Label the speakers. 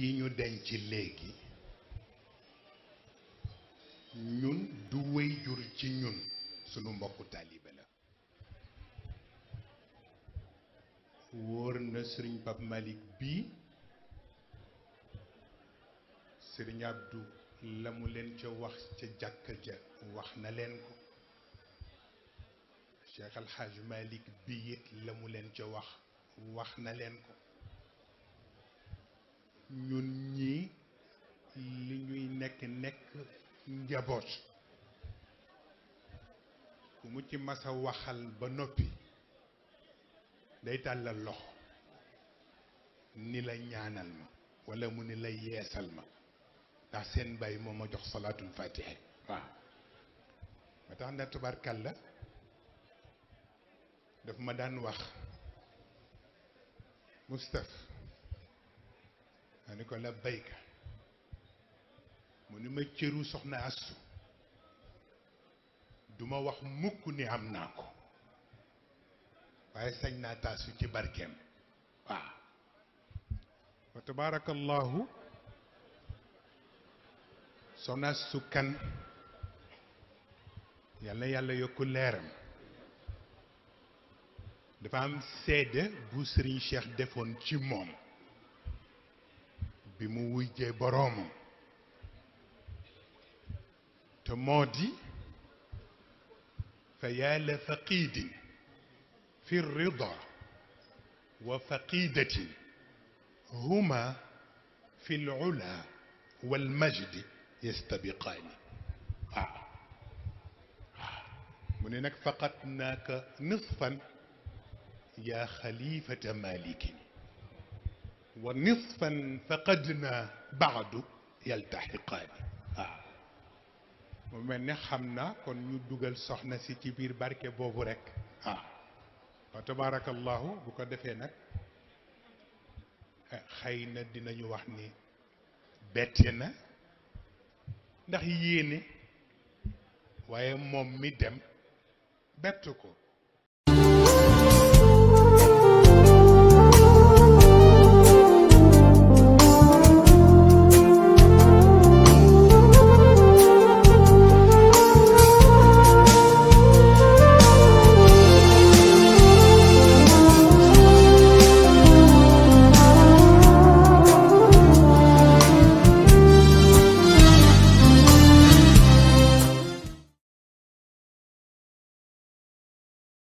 Speaker 1: kii ñu denc léegi ñun du wéy jur ci ñun sunu mbokku taalibe la wóor na sëriñ Pape Malick bii sëriñ Abdou la mu leen ca wax ca jàkk ja wax na leen ko Cheikh Alxaaj Malick bii it la mu leen ca wax wax na leen ko ñun ñii li ñuy nekk nekk njaboot bu mu ci masa waxal ba noppi day tàllal loxo ni la ñaanal ma walla mu ni la yeesal ma ndax seen bàyyi moo ma jox salaatul fatiha waaw ma tax na tubarkàlla daf ma daan wax Moustapha ko la bayka mu ni ma cëru soxna astu duma wax mukk ni am naa ko waaye sañ naa taasu ci barkeem waaw wa tabaarakallahu soxna astu kan yàlla yàlla yokku leeram dafa am seede bu Serigne Cheikh defoon ci moom bi mu wujjee boroomam te moo di fa yaala faqiidin fi rida wa faqiidatin huma fi lula walmajdi yastabiqaani waaw waaw mu ne nag faqat naaka nisfan yaa xalifata malikin ونصفا فقدنا بعد يلتحقان آه. ومن خمنا كون ني دوغال سخنا سي تي بير بركه بوبو رك آه. فتبارك الله بوكا دفي نك آه، خاينا دي نيو واخني بتينا نخ ييني وايي موم مي دم بتكو